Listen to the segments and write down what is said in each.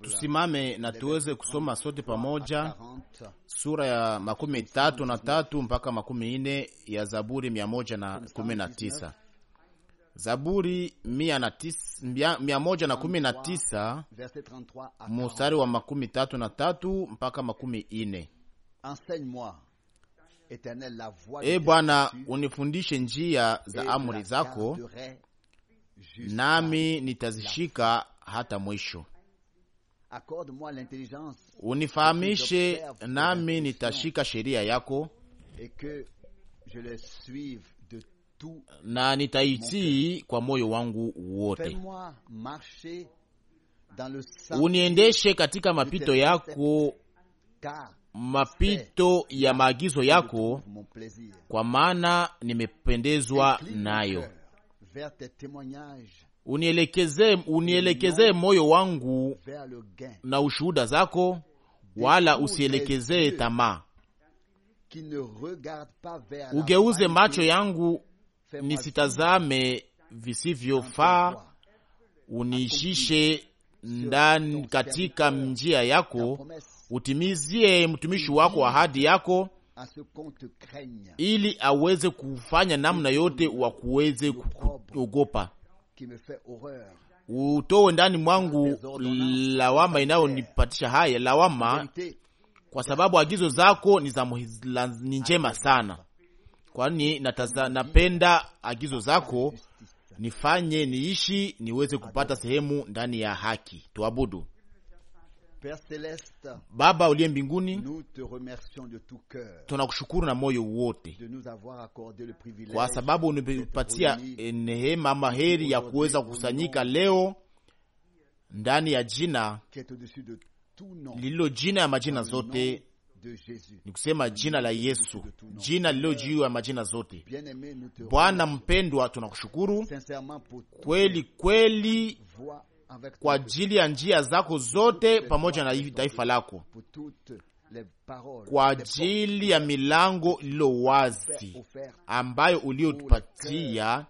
tusimame na tuweze kusoma sote pamoja sura ya makumi tatu na tatu mpaka makumi nne ya Zaburi mia moja na kumi na tisa Zaburi mia na tis, mia, moja na kumi na tisa mustari wa makumi tatu na tatu mpaka makumi ine. E Bwana, unifundishe njia za amri zako, nami nitazishika hata mwisho. Unifahamishe nami nitashika sheria yako na nitaitii kwa moyo wangu wote. Uniendeshe katika mapito yako, mapito ya maagizo yako, kwa maana nimependezwa nayo unielekezee unielekeze moyo wangu na ushuhuda zako, wala usielekezee tamaa. Ugeuze macho yangu nisitazame visivyofaa, uniishishe ndani katika njia yako, utimizie mtumishi wako ahadi yako, ili aweze kufanya namna yote wakuweze kuogopa utowe ndani mwangu lawama inayonipatisha haya lawama, kwa sababu agizo zako ni za ni njema sana, kwani napenda agizo zako, nifanye niishi niweze kupata sehemu ndani ya haki. Tuabudu. Baba uliye mbinguni, tunakushukuru na moyo wote kwa sababu unipatia eh, nehema ama heri ya kuweza kukusanyika leo ndani ya jina lililo jina ya majina zote ni kusema jina la Yesu, jina lililo juu ya majina zote. Bwana mpendwa, tunakushukuru kweli kweli kwa ajili ya njia zako zote pamoja na taifa lako, kwa ajili ya milango iliyo wazi ambayo uliotupatia,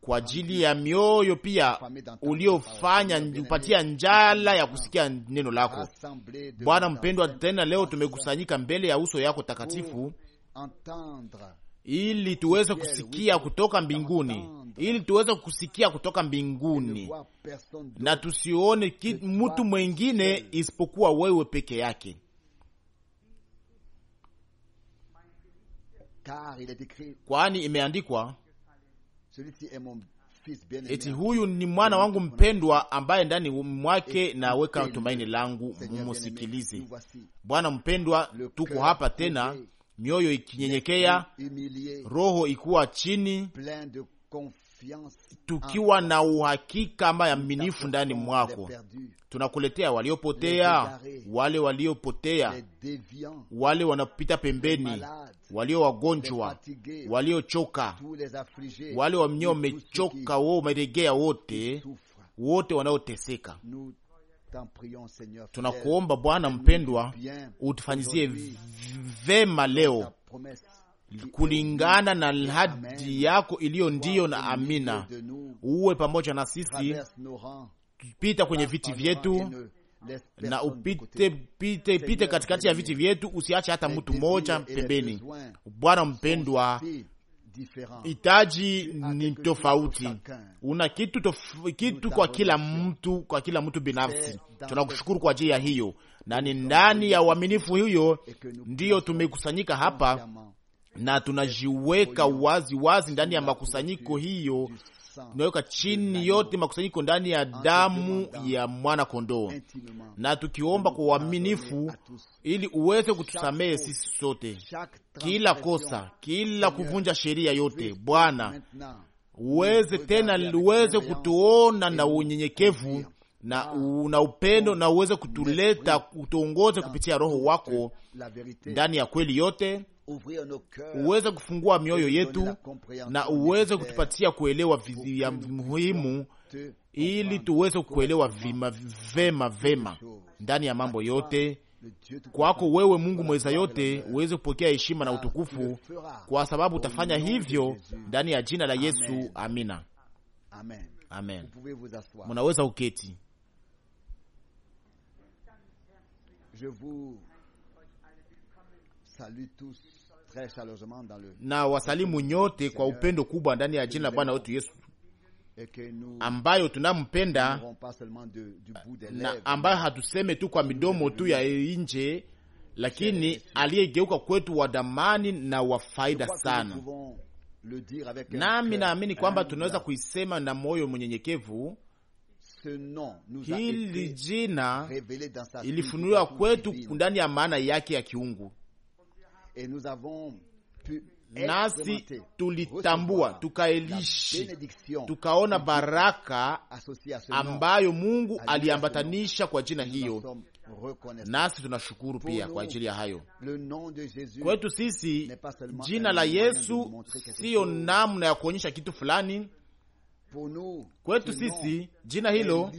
kwa ajili ya mioyo pia uliofanya upatia njala ya kusikia neno lako. Bwana mpendwa, tena leo tumekusanyika mbele ya uso yako takatifu ili tuweze kusikia kutoka mbinguni ili tuweze kusikia kutoka mbinguni na tusione mtu mwengine isipokuwa wewe peke yake, kwani imeandikwa eti huyu ni mwana wangu mpendwa ambaye ndani mwake naweka tumaini langu, mumusikilize. Bwana mpendwa, tuko hapa tena, mioyo ikinyenyekea, roho ikuwa chini tukiwa ah, na uhakika ama yaminifu ndani mwako, tunakuletea waliopotea, wale waliopotea, wale wanapita pembeni, walio wagonjwa, waliochoka, wale wamnye wamechoka, wo umeregea, wote wote wanaoteseka tunakuomba Bwana mpendwa, utufanyizie vema leo kulingana na ahadi yako iliyo ndiyo na amina. Uwe pamoja na sisi, pita kwenye viti vyetu na upite pite pite katikati ya viti vyetu, usiache hata mtu mmoja pembeni. Bwana mpendwa, hitaji ni tofauti, una kitu tof, kitu kwa kila mtu, kwa kila mtu binafsi. Tunakushukuru kwa ajili ya hiyo, na ni ndani ya uaminifu hiyo ndiyo tumekusanyika hapa na tunajiweka wazi wazi ndani ya makusanyiko hiyo, tunaweka chini yote makusanyiko ndani ya damu ya mwana kondoo, na tukiomba kwa uaminifu ili uweze kutusamehe sisi sote, kila kosa, kila kuvunja sheria yote. Bwana, uweze tena, uweze kutuona na unyenyekevu na una upendo na uweze kutuleta, utuongoze kupitia Roho wako ndani ya kweli yote uweze kufungua mioyo yetu na uweze kutupatia kuelewa ya muhimu, ili tuweze kuelewa vima, vema vema ndani ya mambo yote. Kwako wewe Mungu mweza yote, uweze kupokea heshima na ah, utukufu, kwa sababu utafanya hivyo ndani ya jina la Yesu. Amina, amen. Munaweza uketi. Je vous salue tous na wasalimu nyote kwa upendo kubwa ndani ya jina la Bwana wetu Yesu ambayo tunampenda na ambayo hatuseme tu kwa midomo tu ya nje, lakini aliyegeuka kwetu wa damani na wa faida sana. Nami naamini kwamba tunaweza kuisema na moyo mwenyenyekevu, Hili jina ilifunuliwa kwetu ndani ya maana yake ya kiungu nasi tulitambua tukaelishi tukaona baraka ambayo Mungu aliambatanisha kwa jina hiyo, nasi tunashukuru pia kwa ajili ya hayo. Kwetu sisi jina la Yesu siyo namna ya kuonyesha kitu fulani. Kwetu sisi jina hilo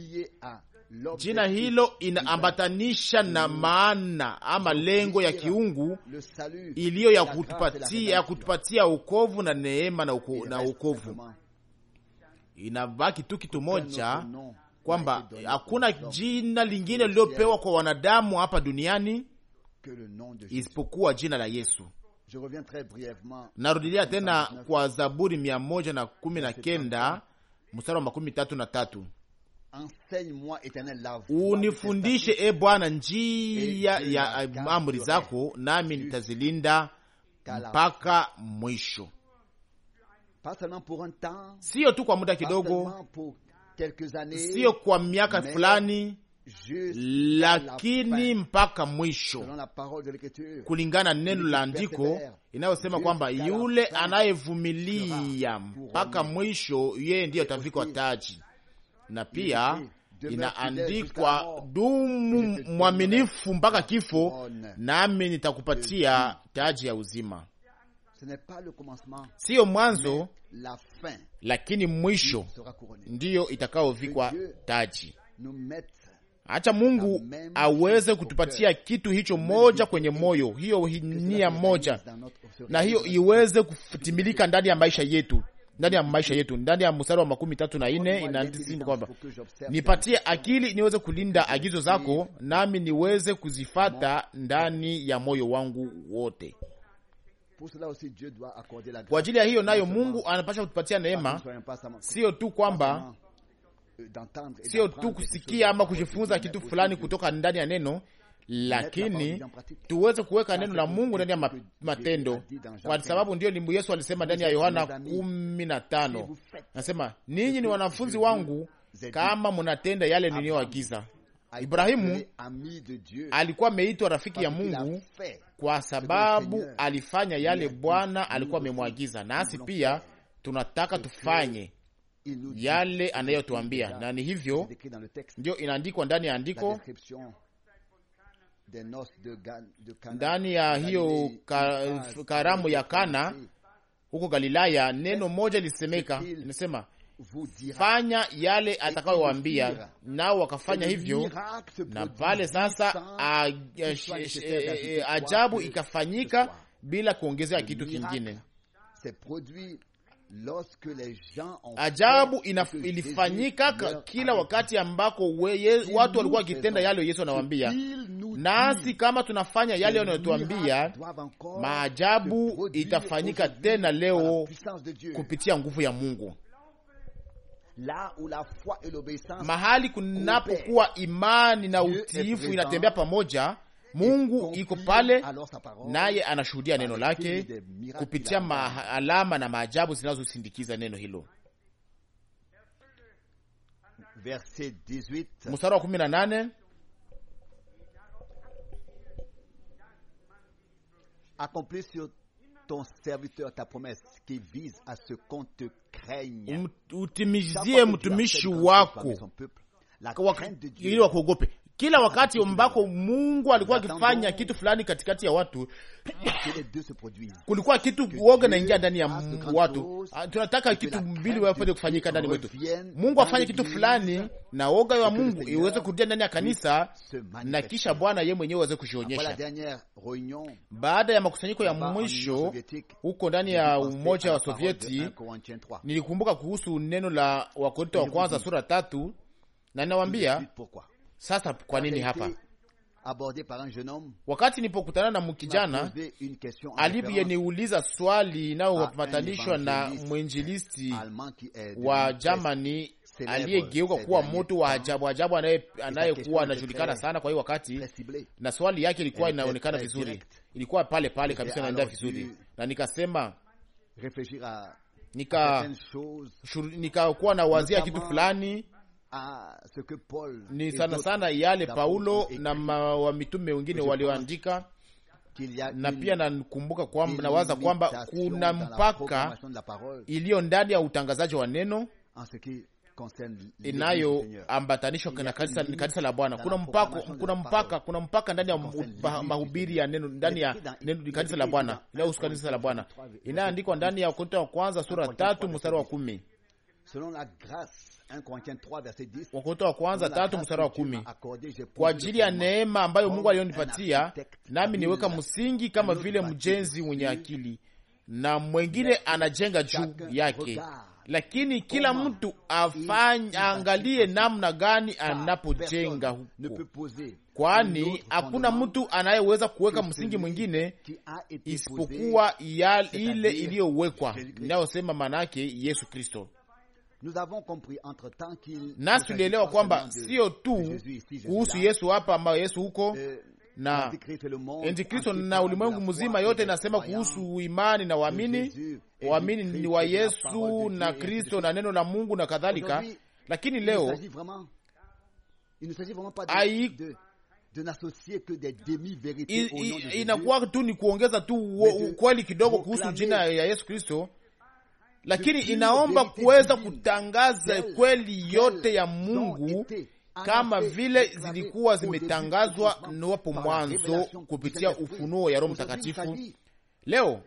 Jina hilo inaambatanisha na maana ama lengo ya kiungu iliyo ya kutupatia, ya kutupatia ukovu na neema na, uko, na ukovu. Inabaki tu kitu moja kwamba hakuna jina lingine lililopewa kwa wanadamu hapa duniani isipokuwa jina la Yesu. Narudilia tena kwa Zaburi mia moja na kumi na kenda mstari wa makumi tatu na tatu unifundishe e Bwana njia ya amri zako, nami nitazilinda mpaka mwisho, siyo tu kwa muda kidogo, siyo kwa miaka fulani, lakini mpaka mwisho, kulingana na neno la andiko inayosema kwamba yule anayevumilia mpaka mwisho, yeye ndiyo atavikwa taji na pia inaandikwa, dumu mwaminifu mpaka kifo, nami nitakupatia taji ya uzima. Siyo mwanzo lakini mwisho ndiyo itakayovikwa taji. Acha Mungu aweze kutupatia kitu hicho moja kwenye moyo, hiyo nia moja, na hiyo iweze kutimilika ndani ya maisha yetu ndani ya maisha yetu. Ndani ya mstari wa makumi tatu na nne inaandika kwamba nipatie akili niweze kulinda agizo zako, nami niweze kuzifata ndani ya moyo wangu wote. Kwa ajili ya hiyo nayo Mungu anapasha kutupatia neema, sio tu kwamba euh, sio tu kusikia ama kujifunza kitu fulani kutoka ndani ya neno lakini tuweze kuweka neno la Mungu ndani ya matendo, kwa sababu ndiyo limbu Yesu alisema ndani ya Yohana kumi na tano nasema ninyi ni wanafunzi wangu kama munatenda yale niliyoagiza. Ibrahimu alikuwa ameitwa rafiki ya Mungu kwa sababu alifanya yale Bwana alikuwa amemwagiza, nasi pia tunataka tufanye yale anayotuambia, na ni hivyo ndio inaandikwa ndani ya andiko ndani ya hiyo karamu ya Kana huko Galilaya, neno moja lisemeka, inasema fanya yale atakayowaambia, nao wakafanya hivyo. Na pale sasa e, e, ajabu ikafanyika bila kuongezea kitu kingine Ajabu ilifanyika kila wakati ambako watu walikuwa wakitenda yale Yesu anawambia Nasi kama tunafanya yale anayotuambia, maajabu itafanyika tena leo kupitia nguvu ya Mungu. mahali kunapokuwa imani na utiifu inatembea pamoja Mungu iko pale, naye anashuhudia neno lake kupitia alama na maajabu zinazosindikiza neno hilo. Mstari wa kumi na nane utimizie mtumishi wako ili wakuogope kila wakati ambako Mungu alikuwa akifanya kitu fulani katikati ya watu, kulikuwa kitu woga naingia ndani ya watu. Ah, tunataka kitu mbili wafanye kufanyika ndani mwetu, Mungu afanye kitu fulani na woga wa Mungu iweze kurudia ndani ya kanisa, na kisha Bwana ye mwenyewe aweze kujionyesha. Baada ya makusanyiko ya mwisho huko ndani ya Umoja wa Sovieti, nilikumbuka kuhusu neno la Wakorinto wa kwanza sura tatu, na ninawambia sasa kwa nini hapa? Wakati nilipokutana na mkijana aliyeniuliza swali inayopatanishwa na mwinjilisti wa Germany aliyegeuka kuwa mtu wa ajabu ajabu, anayekuwa anajulikana sana kwa hii wakati, na swali yake ilikuwa inaonekana vizuri, ilikuwa pale pale kabisa, inaendea vizuri, na nikasema nikakuwa nawazia kitu fulani ni sana sana yale Paulo na wamitume wengine walioandika na pia nakumbuka kwamba nawaza kwamba kuna mpaka iliyo ndani ya utangazaji wa neno inayoambatanishwa na kanisa, kanisa la Bwana. Kuna mpaka, kuna mpaka, kuna mpaka ndani ya mahubiri ya neno ndani ya neno kanisa la Bwana, inayohusu kanisa la Bwana inayoandikwa ndani ya Wakorintho wa kwanza sura tatu mstari wa kumi selon la grâce 1 Corinthiens 3 verset Wakorintho wa kwanza tatu mstari wa kumi. Kwa ajili ya neema ambayo Mungu alionipatia, nami niweka msingi kama vile mjenzi mwenye akili, na mwengine anajenga juu yake, lakini kila mtu afanye angalie namna gani anapojenga huko, kwani hakuna mtu anayeweza kuweka msingi mwingine isipokuwa ile iliyowekwa inayosema, maanake Yesu Kristo nasi tulielewa kwamba sio tu kuhusu Yesu hapa ambayo Yesu huko euh, na Antikristo na ulimwengu mzima, yote inasema kuhusu imani na waamini, waamini ni wa Yesu na Kristo na neno la Mungu na kadhalika. Lakini leo inakuwa tu ni kuongeza tu kweli kidogo kuhusu jina ya Yesu Kristo lakini inaomba kuweza kutangaza kweli yote ya Mungu kama vile zilikuwa zimetangazwa niwapo mwanzo kupitia ufunuo ya Roho Mtakatifu. Leo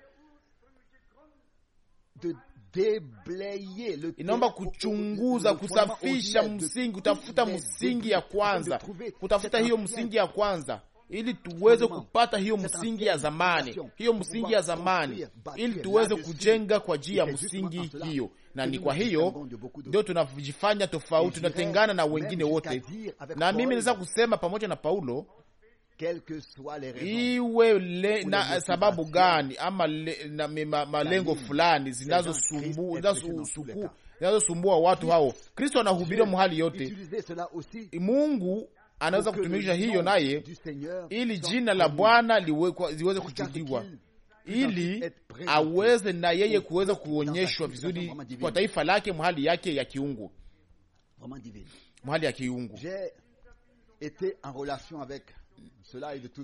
inaomba kuchunguza, kusafisha msingi, kutafuta msingi ya kwanza, kutafuta hiyo msingi ya kwanza ili tuweze kupata hiyo msingi ya zamani, hiyo msingi ya zamani, ili tuweze kujenga kwa njia ya msingi hiyo. Na ni kwa hiyo ndio tunajifanya tofauti, tunatengana na wengine wote. Na mimi naweza kusema pamoja na Paulo iwe le, na sababu gani ama le, na, mima, malengo fulani zinazosumbua watu hao, Kristo anahubiria mahali yote. Mungu anaweza kutumikisha hiyo naye, ili jina la Bwana liweze kuchukiwa ili aweze na yeye kuweza kuonyeshwa vizuri kwa taifa lake, mahali yake ya kiungu, mahali ya kiungu.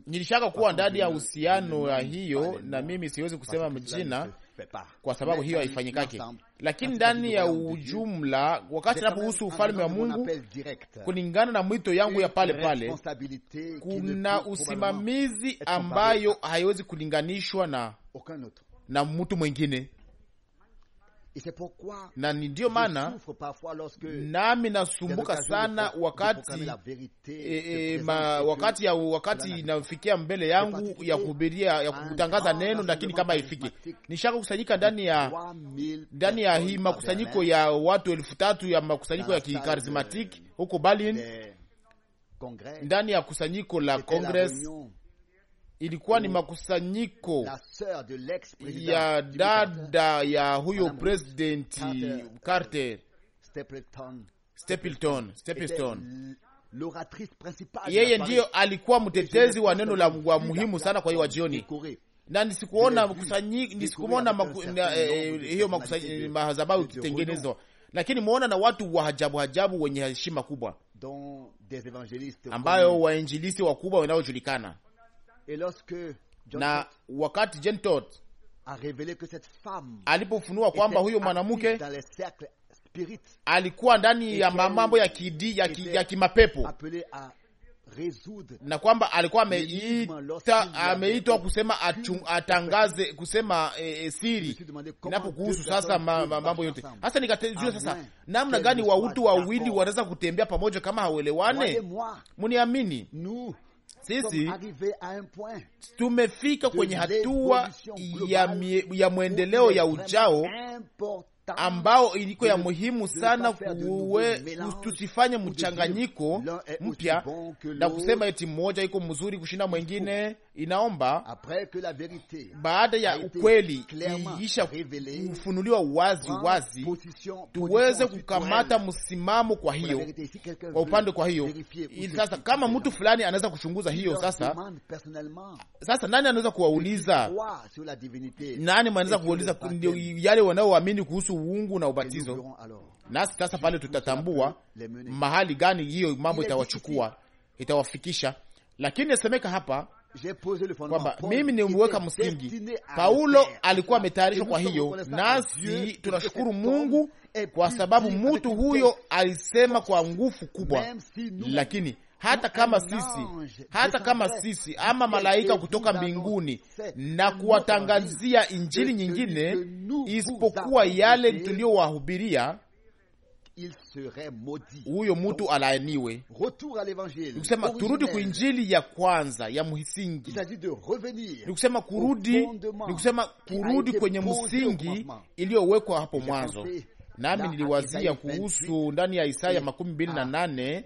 Nilishaka kuwa ndani ya uhusiano ya hiyo, na mimi siwezi kusema mjina kwa sababu hiyo haifanyikake. Lakini ndani ya ujumla, wakati napohusu ufalme wa Mungu kulingana na mwito yangu ya pale pale, kuna usimamizi ambayo haiwezi kulinganishwa na na mtu mwingine na ni ndiyo maana nami nasumbuka sana wakati e, e ma, wakati ya wakati inafikia mbele yangu ya kuhubiria ya kutangaza neno, lakini kama ifike nishaka kusanyika ndani ya ndani ya hii makusanyiko ya watu elfu tatu ya makusanyiko ya kikarismatiki huko Berlin ndani ya kusanyiko la Congress ilikuwa ni mm. makusanyiko ya dada ya huyo presidenti Carter Stapleton, Stapleton. Yeye ndiyo alikuwa mtetezi wa neno la wa muhimu sana kwa hiyo wa jioni, na nisikuona eh, hiyo mahazabau ikitengenezwa, lakini muona na watu wa hajabu hajabu wenye heshima kubwa ambayo wainjilisi wakubwa wanaojulikana na wakati jen Todd alipofunua kwamba huyo mwanamke alikuwa ndani ya mambo ya kidi, ya, ki, ya kimapepo na kwamba alikuwa ameitwa kusema achung, atangaze kusema e, siri kuhusu sasa mambo ma, yote hasa nikajua sasa namna gani wautu wawili wanaweza kutembea pamoja kama hawelewane. Muniamini sisi tumefika kwenye hatua ya, ya mwendeleo ya ujao ambao iliko ya muhimu sana kuwe tusifanye mchanganyiko mpya na kusema eti mmoja iko mzuri kushinda mwengine inaomba baada ya ukweli iisha kufunuliwa wazi wazi, tuweze kukamata msimamo. Kwa hiyo kwa upande, kwa hiyo sasa, kama mtu fulani anaweza kuchunguza hiyo sasa, sasa nani anaweza kuwauliza? Nani anaweza kuwauliza yale wanaoamini kuhusu uungu na ubatizo? Nasi sasa pale tutatambua mahali gani hiyo mambo itawachukua itawafikisha, lakini nasemeka hapa kwamba mimi nimeweka msingi. Paulo alikuwa ametayarishwa kwa hiyo, nasi tunashukuru Mungu kwa sababu mtu huyo alisema kwa nguvu kubwa, lakini hata kama sisi hata kama sisi ama malaika kutoka mbinguni na kuwatangazia injili nyingine isipokuwa yale tuliyowahubiria huyo mtu alaaniwe. Nikusema turudi ku injili ya kwanza ya msingi, nikusema kurudi, nikusema kurudi kwenye msingi iliyowekwa hapo mwanzo. Nami niliwazia kuhusu ndani ya Isaya makumi mbili na nane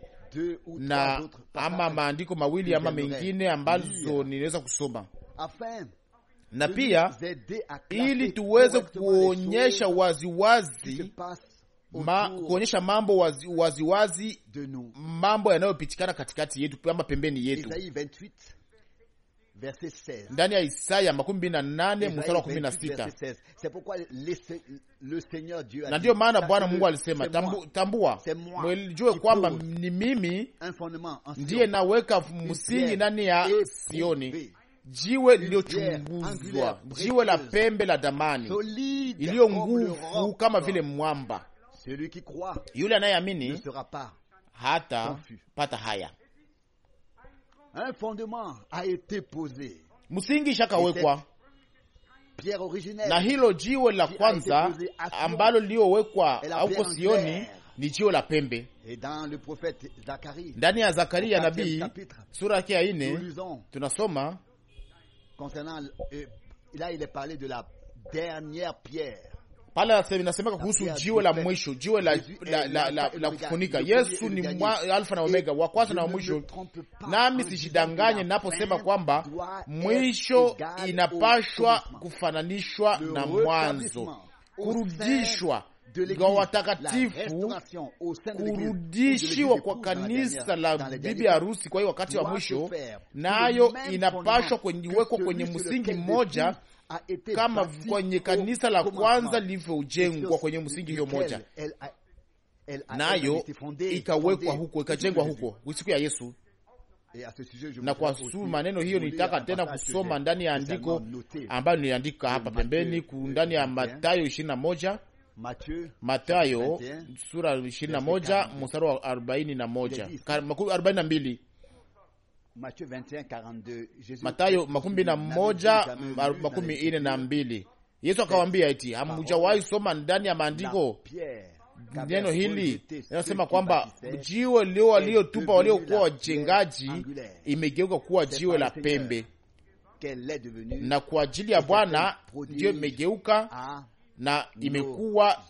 na ama maandiko mawili ama mengine ambazo ninaweza kusoma na pia ili tuweze kuonyesha waziwazi ma, kuonyesha mambo waziwazi wazi, mambo yanayopitikana katikati yetu ama pembeni yetu ndani ya Isaya makumi mbili na nane mstari wa kumi na sita na ndiyo maana Bwana Mungu alisema tambu, tambua mjue kwamba ni mimi ndiye naweka msingi ndani ya Sioni, jiwe liliyochunguzwa jiwe la pembe la damani, iliyo nguvu kama vile mwamba yule anayeamini hata pata haya. Msingi ishakawekwa na hilo jiwe la kwanza ambalo liliowekwa auko Sioni ni jiwe la pembe. Ndani ya Zakaria nabii sura yake ya ine tunasoma pale inasemeka kuhusu jiwe la mwisho, jiwe la, la, la, la, la kufunika. Yesu ni alfa na omega, wa kwanza na wa mwisho. Nami sijidanganye naposema kwamba mwisho inapashwa kufananishwa na mwanzo, kurudishwa kwa watakatifu, kurudishiwa kwa kanisa la bibi harusi. Kwa hiyo wakati wa mwisho nayo inapashwa kuwekwa kwenye msingi mmoja kama kwenye kanisa la kwanza lilivyojengwa kwenye msingi hiyo moja, nayo ikawekwa huko ikajengwa huko siku ya Yesu. Na kwa su maneno hiyo, nitaka tena kusoma ndani ya andiko ambayo niliandika hapa pembeni ndani ya Matayo ishirini na moja Matayo sura 21 moja mstari wa arobaini na moja arobaini na mbili Matayo makumi na moja makumi ine na mbili. Yesu akawambia eti hamjawahi soma ndani ya maandiko neno hili inasema kwamba jiwe lio waliotupa waliokuwa wajengaji imegeuka kuwa jiwe la pembe, na kwa ajili ya Bwana ndiyo imegeuka na imekuwa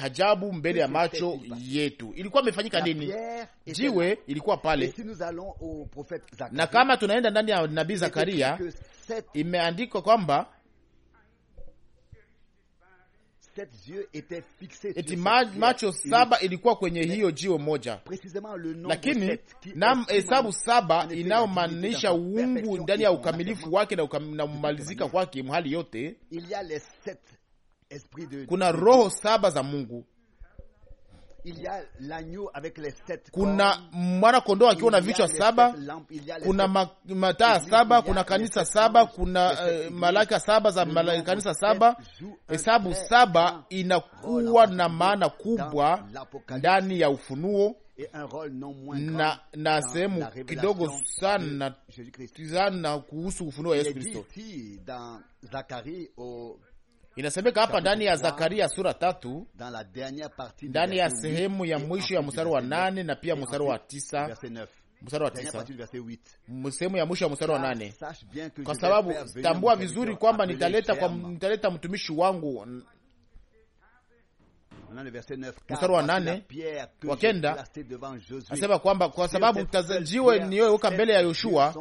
hajabu mbele ya macho yetu. Ilikuwa imefanyika nini? Jiwe ilikuwa pale, na kama tunaenda ndani ya nabii Zakaria imeandikwa kwamba eti macho saba ilikuwa kwenye hiyo jiwe moja, lakini na hesabu saba inayomaanisha uungu ndani ya ukamilifu wake na umalizika kwake mhali yote kuna roho saba za Mungu. Kuna mwana kondoo akiwa na vichwa saba, kuna mataa saba, kuna kanisa saba, kuna uh, malaika saba za kanisa saba. Hesabu saba inakuwa na maana kubwa ndani ya Ufunuo na, na sehemu kidogo sana kuhusu ufunuo wa Yesu Kristo. Inasemeka hapa ndani ya Zakaria sura tatu ndani ya sehemu ya mwisho ya mstari wa nane na pia mstari wa tisa mstari wa tisa sehemu ya mwisho ya mstari wa nane kwa sababu tambua vizuri kwamba nitaleta kwa nitaleta mtumishi wangu mstari wa nane wakenda asema kwamba kwa sababu jiwe niyoweka mbele ya Yoshua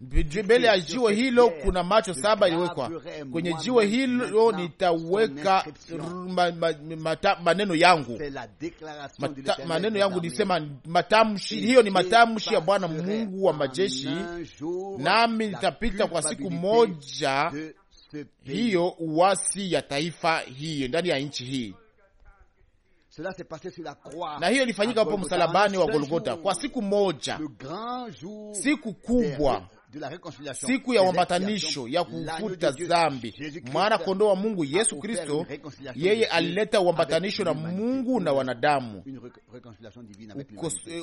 mbele ya jiwe hilo kuna macho saba iliwekwa kwenye jiwe hilo, nitaweka maneno yangu, maneno yangu nisema matamshi hiyo, ni matamshi ya Bwana Mungu wa majeshi, nami nitapita kwa siku moja hiyo uwasi ya taifa hiyo ndani ya nchi hii na hiyo ilifanyika hapo msalabani wa Golgota kwa siku moja, siku kubwa siku ya uambatanisho ya kufuta dhambi. Mwana kondoo wa Mungu Yesu Kristo, yeye alileta uambatanisho na Mungu na wanadamu,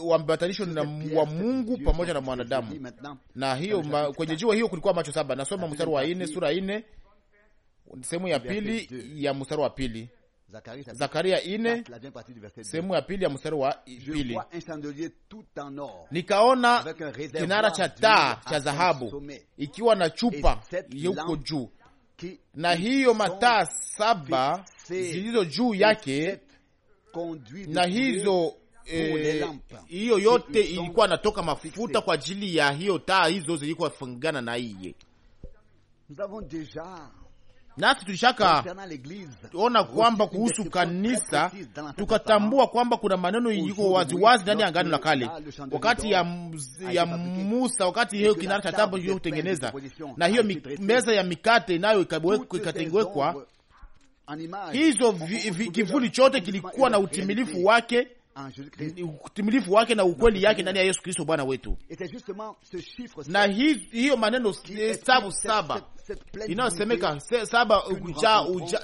uambatanisho eh, wa Mungu pamoja na mwanadamu. Na hiyo kwenye jiwe hiyo kulikuwa macho saba. Nasoma mstari wa ine sura ine sehemu ya pili ya mstari wa pili Zakaria 4 sehemu ya pili ya mstari wa pili nikaona kinara cha taa cha dhahabu ikiwa na chupa yuko juu na hiyo mataa saba zilizo juu yake, na hizo eh, hiyo yote ilikuwa natoka mafuta kwa ajili ya hiyo taa hizo zilikuwa fungana na iye Nasi tulishaka ona kwamba kuhusu kanisa tukatambua kwamba kuna maneno iko waziwazi ndani ya ngano la Kale, wakati ya, ya Musa, wakati hiyo kinara cha tabu hiyo na hiyo meza ya mikate nayo ikatengwekwa, hizo kivuli chote kilikuwa na utimilifu wake utimilifu wake na ukweli yake ndani ya Yesu Kristo Bwana wetu. Na hiyo maneno hesabu saba inayosemeka saba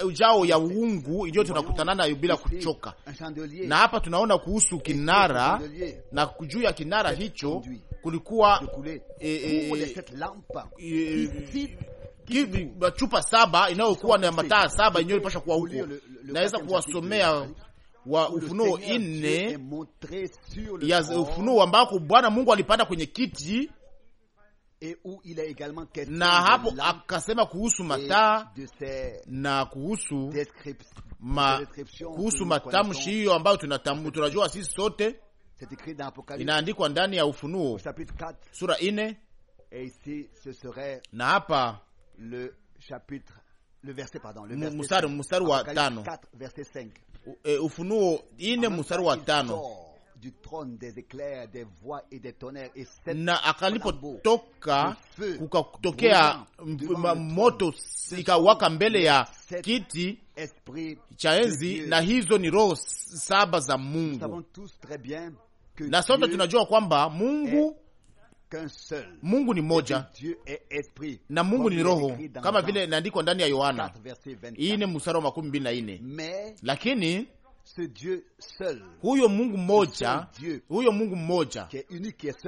ujao ya uungu ndio tunakutana nayo bila kuchoka. Na hapa tunaona kuhusu kinara, na juu ya kinara hicho kulikuwa chupa saba inayokuwa na mataa saba yenyewe ilipasha kuwa huko. Naweza kuwasomea wa Ufunuo nne ya Ufunuo ambako Bwana Mungu alipanda kwenye kiti na hapo akasema kuhusu mataa na kuhusu ma, kuhusu matamshi hiyo ambayo tunajua sisi sote, inaandikwa ndani ya Ufunuo sura ine na hapa mstari wa tano Eh, Ufunuo ine mstari wa tano na akalipotoka kukatokea moto ikawaka mbele ya kiti cha enzi, na hizo ni roho saba za Mungu, na sote tunajua kwamba Mungu Mungu ni moja na Mungu ni roho, kama vile inaandikwa ndani ya Yohana ine mstari wa makumi mbili na ine. Lakini huyo Mungu mmoja, huyo Mungu mmoja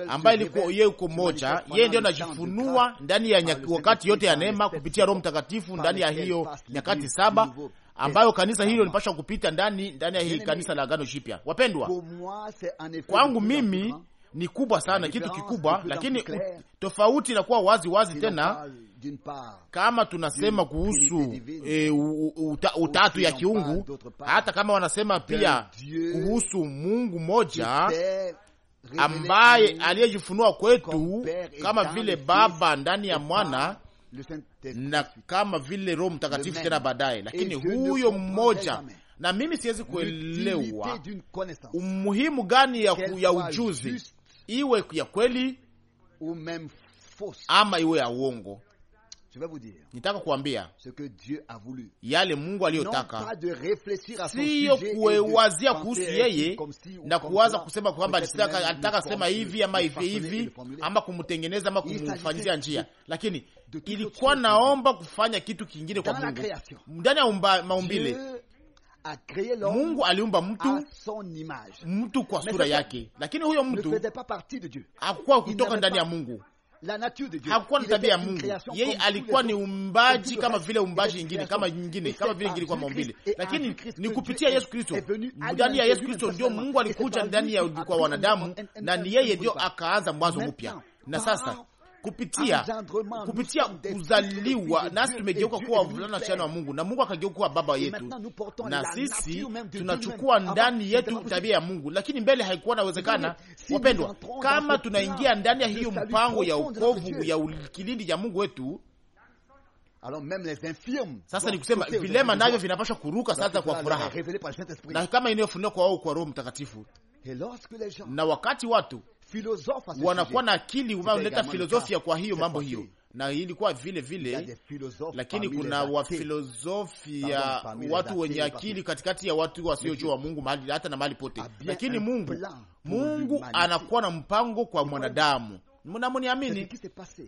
ambaye yeye uko moja, yeye ndio anajifunua ndani ya wakati yote ya neema kupitia Roho Mtakatifu ndani ya hiyo nyakati saba ambayo kanisa hilo linapaswa kupita ndani ndani ya hii kanisa la Agano Jipya. Wapendwa, kwangu mimi ni kubwa sana, kitu kikubwa, lakini tofauti inakuwa wazi wazi tena kama tunasema kuhusu e, uta, utatu ya kiungu, hata kama wanasema pia kuhusu Mungu moja ambaye aliyejifunua kwetu kama vile Baba ndani ya Mwana na kama vile Roho Mtakatifu tena baadaye, lakini huyo mmoja na mimi siwezi kuelewa umuhimu gani ya, ya ujuzi iwe ya kweli ama iwe ya uongo. Nitaka kuambia yale Mungu aliyotaka, siyo kuwazia kuhusu yeye na kuwaza kusema kwamba alitaka sema hivi ama hivi hivi ama kumtengeneza ama kumufanyizia njia, lakini ilikuwa naomba kufanya kitu kingine kwa Mungu ndani ya maumbile Mungu aliumba mtu mtu kwa sura yake, lakini huyo mtu hakuwa kutoka ndani ya Mungu, hakuwa na tabia ya Mungu. Yeye alikuwa ni umbaji kama vile umbaji ingine kama nyingine kama vile ingine kwa maumbile, lakini ni kupitia Yesu Kristo, ndani ya Yesu Kristo ndio Mungu alikuja ndani ya kwa wanadamu, na ni yeye ndio akaanza mwanzo mpya na sasa kupitia kupitia kuzaliwa, nasi tumegeuka kuwa wavulana na wa Mungu, na Mungu akageuka kuwa baba yetu, na sisi tunachukua ndani yetu tabia ya Mungu, lakini mbele haikuwa nawezekana. Wapendwa, kama tunaingia ndani ya hiyo mpango ya ukovu ya kilindi cha Mungu wetu Alors, même les infirmes, sasa ni kusema vilema navyo vinapasha kuruka sasa kwa furaha, na kama kwa wao kwa Roho Mtakatifu. Na wakati watu wanakuwa na akili wanaleta filosofia. Kwa hiyo mambo hiyo na ilikuwa vile vile, lakini kuna wafilosofia watu wenye akili katikati ya watu wasiojua Mungu mahali hata na mahali pote, lakini Mungu Mungu anakuwa na mpango kwa mwanadamu. Mnamuniamini,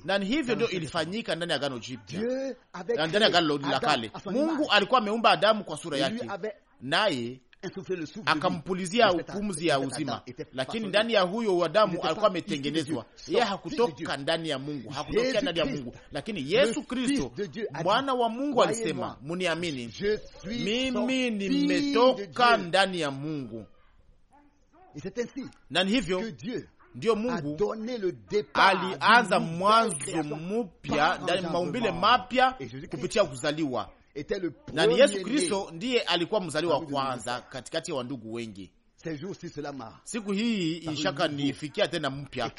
na hivyo ndio ilifanyika ndani ya gano Jipya, ndani ya gano la Kale. Mungu alikuwa ameumba Adamu kwa sura yake, naye akampulizia pumzi ya uzima, lakini ndani ya huyo wadamu alikuwa ametengenezwa. Yeye hakutoka ndani ya Mungu, hakutokea ndani ya Mungu, lakini Yesu Kristo mwana wa Mungu alisema, muniamini mimi, nimetoka ndani ya Mungu. Na ni hivyo ndiyo Mungu alianza mwanzo mupya ndani maumbile mapya kupitia kuzaliwa na ni Yesu Kristo ndiye alikuwa mzaliwa wa kwanza katikati ya wandugu wengi. Siku hii ishaka nifikia tena mpya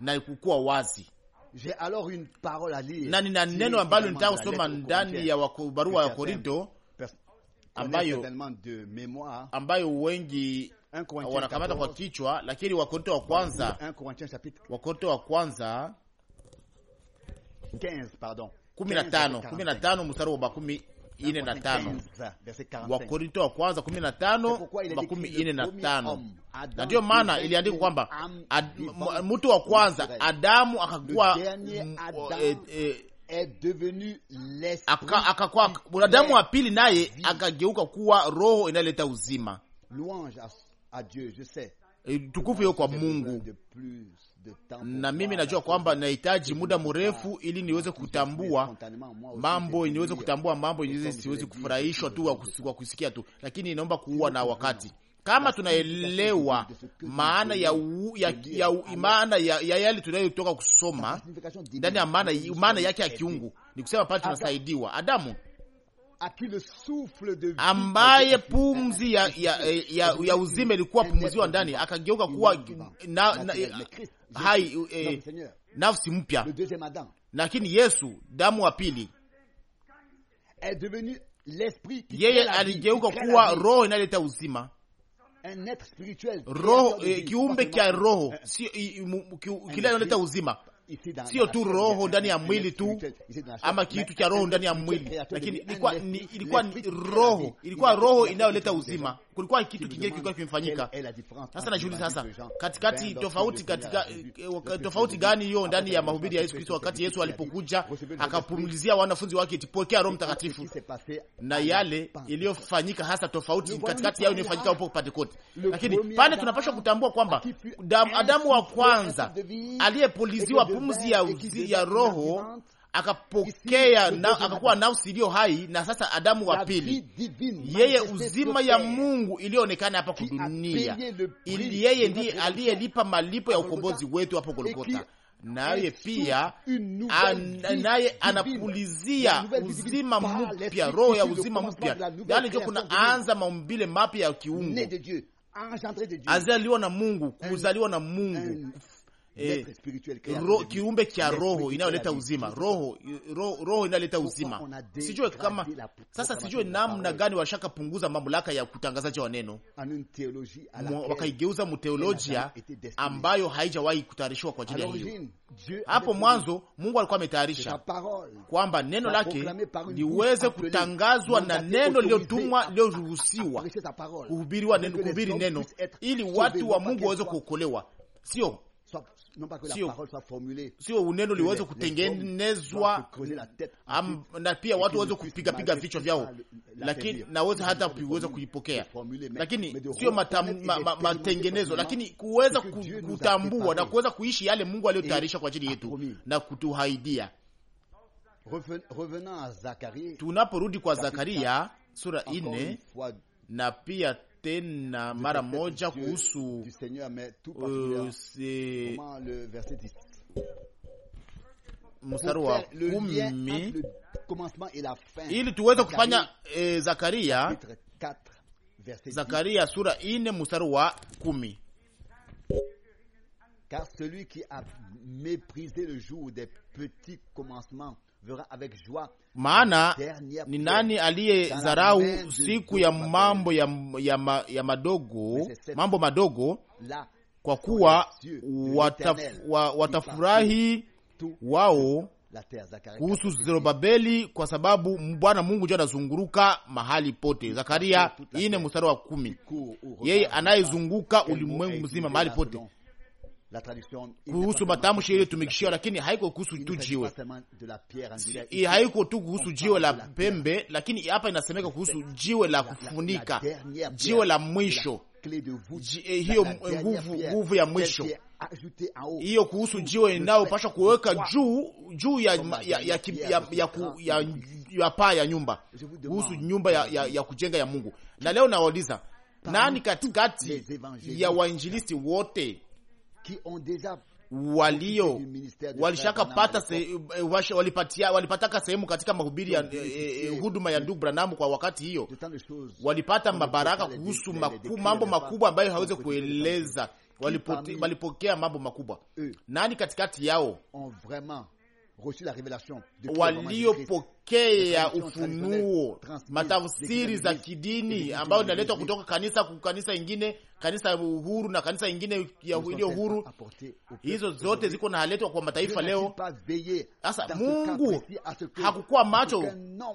na kukuwa wazi na nina neno ambalo nitaka kusoma ndani ya barua ya Korinto ambayo, ambayo wengi wanakamata kwa kichwa, lakini Wakorinto wa kwanza, Wakorinto wa kwanza kumi na tano mstari wa makumi ine na tano Wakorinto wa kwanza kumi na tano makumi ine na tano Na ndiyo maana iliandikwa kwamba mtu wa kwanza Adamu akakuwa e- e- akakuwa, Adamu wa pili naye akageuka kuwa roho inayoleta uzima. E, tukufu hiyo kwa Mungu na mimi najua kwamba nahitaji muda mrefu ili niweze kutambua mambo, niweze kutambua mambo, siwezi kufurahishwa tu kwa kusikia tu, lakini inaomba kuua na wakati kama tunaelewa maana ya, ya, ya, maana ya, ya yale tunayotoka kusoma ndani ya maana, maana yake ya kiungu ni kusema pale tunasaidiwa Adamu ambaye pumzi ya, ya, ya, ya uzima ilikuwa pumuziwa ndani akageuka kuwa na, na, hai eh, nafsi mpya, lakini Yesu damu wa pili yeye aligeuka kuwa roho inayoleta uzima, roho eh, kiumbe kya roho si, kile inaleta uzima, sio tu roho ndani ya mwili tu ama kitu cha roho ndani ya mwili, lakini ilikuwa ni roho, ilikuwa roho inayoleta uzima kulikuwa kitu kingine kilikuwa kimefanyika. Sasa najiuliza sasa, katikati tofauti katika eh, eh, tofauti gani hiyo ndani ya mahubiri ya Yesu Kristo, wakati Yesu alipokuja akapumlizia wanafunzi wake tipokea Roho Mtakatifu na yale iliyofanyika hasa tofauti katikati yao inayofanyika hapo Pentekoste. Lakini pale tunapaswa kutambua kwamba Adamu wa kwanza aliyepuliziwa pumzi ya, ya Roho akapokea na, akakuwa nafsi iliyo hai na sasa Adamu wa pili, yeye uzima ya Mungu iliyoonekana hapa kudunia, ili yeye ndiye aliyelipa malipo ya ukombozi wetu hapo Golgota, naye pia naye anapulizia uzima mpya, roho ya uzima mpya, yani ndio kuna anza maumbile mapya ya kiungu azaliwa na Mungu, kuzaliwa na Mungu, Eh, kiumbe cha roho inayoleta uzima, roho roho inayoleta uzima. Sijue kama sasa, sijue namna gani washaka punguza mamlaka ya kutangazaji wa neno wakaigeuza muteolojia ambayo haijawahi kutayarishiwa kwa ajili ya hiyo. Hapo mwanzo Mungu alikuwa ametayarisha kwamba neno lake liweze kutangazwa na neno liliotumwa lilioruhusiwa kuhubiriwa neno, kuhubiri neno ili watu wa Mungu waweze kuokolewa, sio sio uneno liweze kutengenezwa na pia watu waweze kupigapiga vichwa vyao, lakini naweza hata kuweza kuipokea, lakini sio matengenezo, lakini kuweza kutambua na kuweza kuishi yale Mungu aliyotayarisha kwa ajili yetu na kutuhaidia. Tunaporudi kwa Zakaria sura ine na pia du Seigneur met tout particulièrement oh, le verset 10 Moussaroua et la fin du temps. Il est accompagné Zachariah, Zacharia Sura in Moussaroua Koumi. Car celui qui a méprisé le jour des petits commencements Maana ni nani aliye dharau siku ya mambo ya, ya, ma, ya madogo, mambo madogo? Kwa kuwa wataf, wa, watafurahi wao kuhusu Zerobabeli, kwa sababu Bwana Mungu ndio anazunguruka mahali pote. Zakaria ine mstari wa kumi, yeye anayezunguka ulimwengu mzima mahali pote kuhusu matamshi tumikishiwa, lakini haiko kuhusu tu jiwe, haiko tu kuhusu jiwe la pembe, lakini hapa inasemeka kuhusu jiwe la kufunika, jiwe la mwisho, eh, hiyo eh, nguvu ya mwisho hiyo kuhusu jiwe inayopashwa kuweka juu juu ya ya ya ya, ya, ya, ya paa ya nyumba, kuhusu nyumba ya, ya, ya kujenga ya Mungu. Na leo nawauliza nani katikati ya wainjilisti wote walio walishakapata se, eh, walipatia, walipataka sehemu katika mahubiri ya eh, eh huduma ya ndugu Branamu kwa wakati hiyo, walipata mabaraka kuhusu maku, mambo makubwa ambayo hawezi kueleza. Walipokea mambo makubwa. Nani katikati yao waliopokea ufunuo matafsiri za kidini ambayo inaletwa kutoka kanisa ku kanisa ingine, kanisa ya uhuru na kanisa ingine iliyo huru. Hizo zote ziko naletwa kwa mataifa leo. Sasa Mungu hakukuwa macho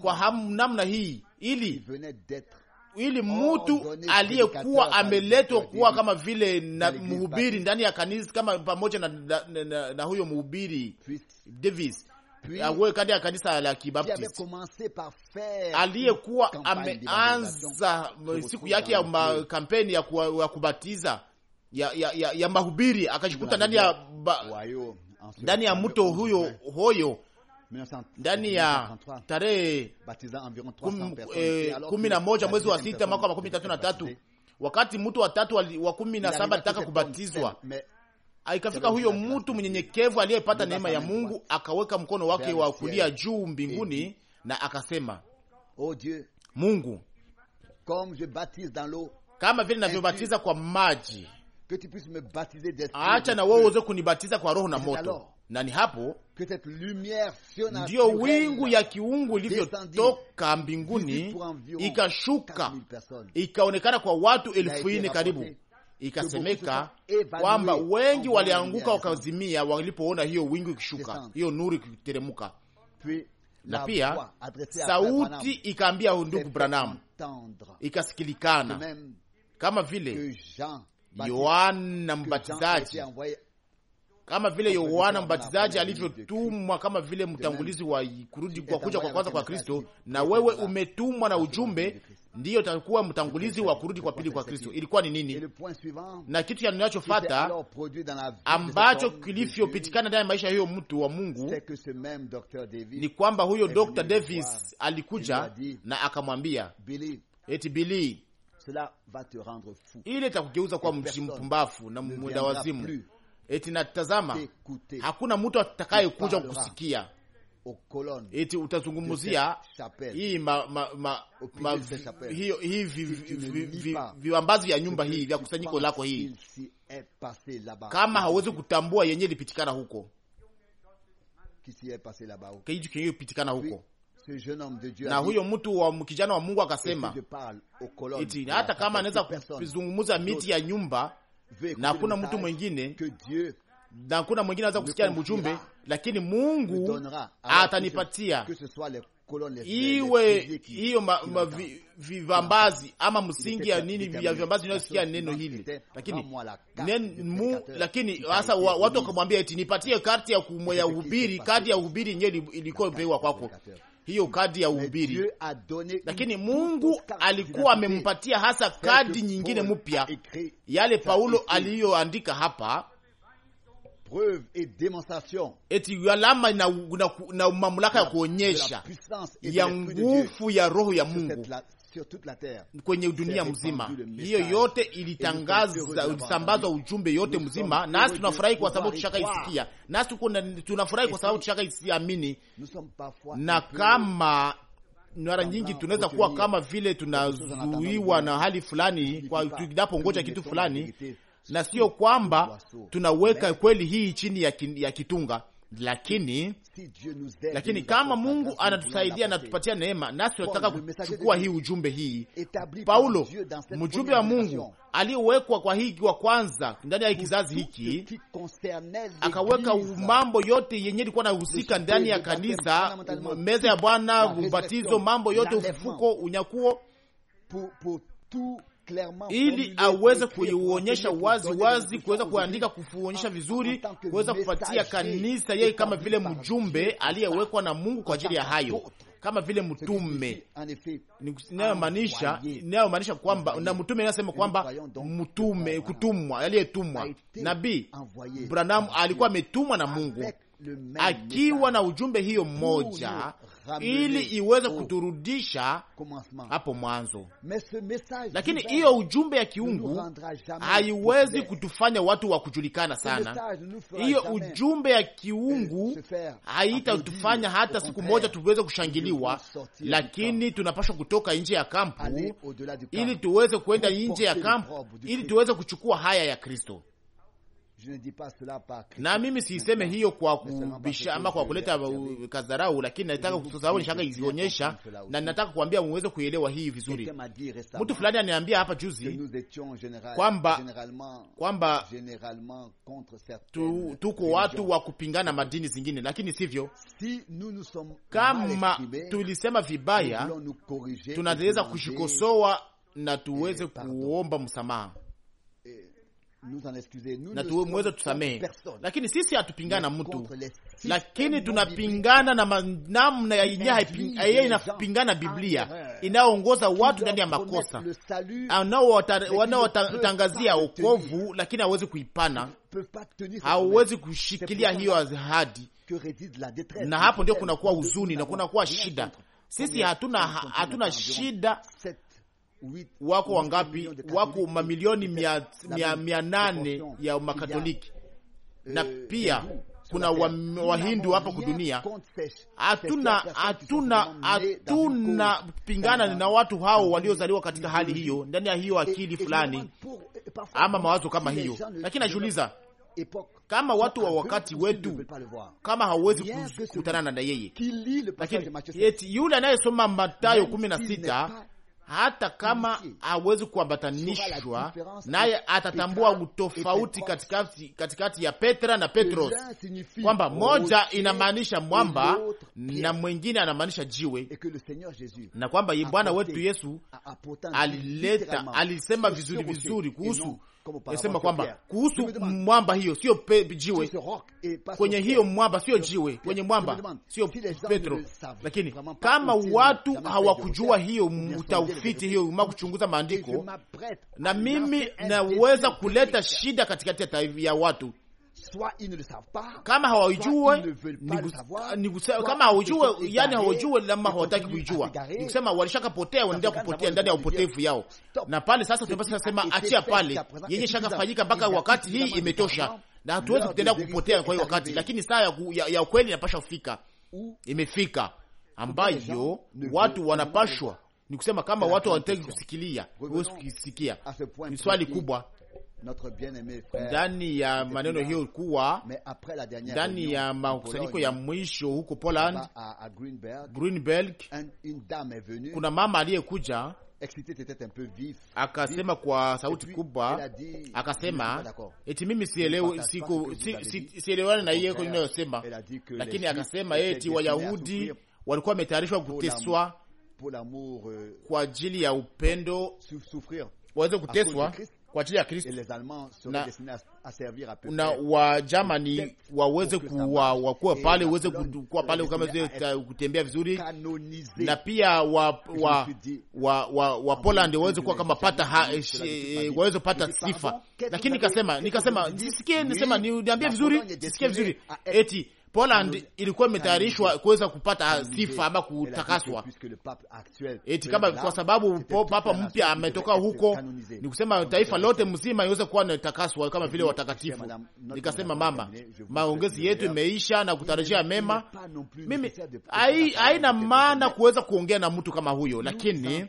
kwa namna hii ili ili oh, mtu aliyekuwa ameletwa kuwa kama vile na mhubiri ndani ya kanisa kama pamoja na, na, na, na, na huyo mhubiri Davis awe kati ya kanisa la Kibaptist aliyekuwa ameanza siku yake ya kampeni ya, ya kubatiza ya, ya, ya, ya mahubiri akajikuta ndani ya ndani ya mto huyo hoyo ndani ya tarehe eh, kumi na moja mwezi wa sita mwaka wa makumi tatu na tatu wakati mtu wa tatu wa kumi na saba alitaka kubatizwa ikafika huyo mtu mnyenyekevu aliyepata neema ya Mungu akaweka mkono wake wa kulia juu mbinguni na akasema, oh Mungu, kama vile navyobatiza kwa maji, acha na wewe uweze kunibatiza kwa Roho na moto na ni hapo ndiyo wingu ya kiungu ilivyotoka mbinguni ikashuka ikaonekana kwa watu elfu nne karibu. Ikasemeka kwamba wengi walianguka wakazimia walipoona hiyo wingu ikishuka, hiyo nuru ikiteremuka. Na pia sauti ikaambia ndugu Branham, ikasikilikana kama vile Yohana Mbatizaji kama vile Yohana Mbatizaji alivyotumwa kama vile mtangulizi wa kurudi kwa kuja kwa kwanza kwa Kristo, na wewe umetumwa na ujumbe ndiyo takuwa mtangulizi wa kurudi kwa pili kwa Kristo. Ilikuwa ni nini? Na kitu kinachofuata ambacho kilivyopitikana ndani ya maisha hiyo mtu wa Mungu ni kwamba huyo Dr. Davis alikuja na akamwambia eti Bilii, ile itakugeuza kuwa mpumbavu na mwenda wazimu eti natazama, hakuna mtu atakayekuja kukusikia eti utazungumzia hii ma, ma, ma, ma, hiyo hii vi, vi, vi, vi, vya nyumba hii vya kusanyiko lako hii, eh, kama hawezi kutambua yenye lipitikana huko kitu eh, kiliyopitikana huko na huyo mtu wa kijana wa Mungu akasema eti hata kama anaweza kuzungumza miti ya nyumba na hakuna mtu mwingine na hakuna mwingine anaweza kusikia mjumbe, lakini Mungu atanipatia iwe hiyo vivambazi ama msingi ya nini ya vivambazi vinayosikia neno hili. Lakini lakini hasa watu wakamwambia eti nipatie karti ya uhubiri, kadi ya uhubiri yenyewe ilikuwa imepewa kwako hiyo kadi ya uhubiri, lakini Mungu alikuwa amempatia hasa kadi nyingine mpya, yale Paulo aliyoandika hapa eti alama na, na, na mamlaka ya kuonyesha ya nguvu ya roho ya Mungu kwenye dunia mzima. Hiyo yote ilitangaza ilisambazwa ujumbe yote mzima, nasi tunafurahi kwa sababu tushakaisikia, nasi tunafurahi kwa sababu tushakaisiamini. na kama mara nyingi tunaweza kuwa kama vile tunazuiwa na hali fulani, kwa tunapongoja kitu fulani, na sio kwamba tunaweka kweli hii chini ya kitunga lakini lakini kama Mungu anatusaidia na tupatia neema, nasi tunataka kuchukua hii ujumbe hii. Paulo mjumbe wa Mungu aliyewekwa kwa hiki wa kwanza ndani ya kizazi hiki, akaweka mambo yote yenye ilikuwa nahusika ndani ya kanisa, meza ya Bwana, ubatizo, mambo yote, ufufuko, unyakuo ili aweze kuionyesha wazi wazi, kuweza kuandika, kuonyesha vizuri, kuweza kupatia kanisa yeye kama vile mjumbe aliyewekwa na Mungu kwa ajili ya hayo kama vile mtume inayomaanisha inayomaanisha kwamba na mtume inasema kwamba mtume kutumwa, aliyetumwa nabii Branham alikuwa ametumwa na Mungu akiwa na ujumbe hiyo mmoja ili iweze kuturudisha hapo mwanzo. Lakini hiyo ujumbe ya kiungu haiwezi kutufanya watu wa kujulikana sana. Hiyo ujumbe ya kiungu haitatufanya hata siku moja tuweze kushangiliwa, lakini tunapashwa kutoka nje ya kampu ili tuweze kuenda nje ya kampu ili tuweze kuchukua haya ya Kristo na mimi siiseme hiyo kwa kubisha ama kwa kuleta kadharau, lakini nataka sababu nishaka izionyesha na nataka kuambia muweze kuelewa hii vizuri. Mtu fulani aniambia hapa juzi kwamba kwamba tu, tuko watu wa kupingana madini zingine, lakini sivyo. Kama tulisema vibaya, tunaweza kushikosoa na tuweze kuomba msamaha na tuweze tusamehe, lakini sisi hatupingana na mtu, lakini tunapingana na namna yeye inapingana Biblia inayoongoza watu ndani ya makosa, wanaotangazia okovu, lakini hawezi kuipana, hawezi kushikilia hiyo ahadi, na hapo ndio kunakuwa huzuni na kunakuwa shida. Sisi hatuna hatuna shida wako wangapi? Wako mamilioni mia, mia, mia nane ya Makatoliki euh, na pia kuna Wahindu wa hapa kudunia. Hatuna hatuna hatuna pingana na watu hao waliozaliwa katika hali hiyo, ndani ya hiyo akili fulani ama mawazo kama hiyo, lakini najiuliza kama watu wa wakati wetu kama hawezi kukutana na yeye, lakini yule anayesoma Matayo kumi na sita hata kama hawezi kuambatanishwa naye, atatambua utofauti katikati, katikati ya Petra na Petros, kwamba moja inamaanisha mwamba na mwengine anamaanisha jiwe, na kwamba Bwana wetu Yesu alileta alisema vizuri vizuri kuhusu nasema kwamba kuhusu mwamba hiyo, sio jiwe eh, kwenye hiyo mwamba, sio jiwe kwenye mwamba, sio Petro. Lakini kama watu hawakujua hiyo, utaufiti hiyo, ma kuchunguza maandiko, na mimi naweza kuleta shida katikati ya watu soit ils ne le savent pas, kama hawajue kama hawajue, yani hawajue lama hawataki kuijua, nikusema potea, wanaendelea kupotea ndani ya upotevu yao. Na pale sasa tunapaswa kusema achia pale, yenye shaka fanyika mpaka wakati hii imetosha, na hatuwezi kutendea kupotea kwa hiyo wakati, lakini saa ya, ya, ya ukweli inapasha kufika, imefika ambayo watu wanapashwa ni kusema kama watu hawataki kusikilia, wewe kusikia ni swali kubwa ndani ya maneno hiyo kuwa ndani ya makusanyiko ya mwisho huko Poland Greenberg, kuna mama aliyekuja akasema kwa sauti kubwa, akasema eti mimi sielewe, siku na iye inayosema, lakini akasema eti Wayahudi walikuwa wametayarishwa kuteswa euh, kwa ajili ya upendo, waweze kuteswa kwa ajili ya Kristo na Wajamani waweze kuwa pale, waweze kuwa pale kama kutembea vizuri, na pia wa wa wa, wa, wa Poland waweze kuwa kama pata eh, waweze kupata sifa. Lakini nikasema nikasema, nisikie nisema, niambie vizuri, nisikie vizuri eti Poland ilikuwa imetayarishwa kuweza kupata sifa ama kutakaswa, eti kama kwa sababu papa mpya ametoka huko, ni kusema taifa lote mzima iweze kuwa natakaswa kama vile watakatifu. Nikasema mama, maongezi yetu imeisha na kutarajia mema. Mimi haina maana kuweza kuongea na mtu kama huyo, lakini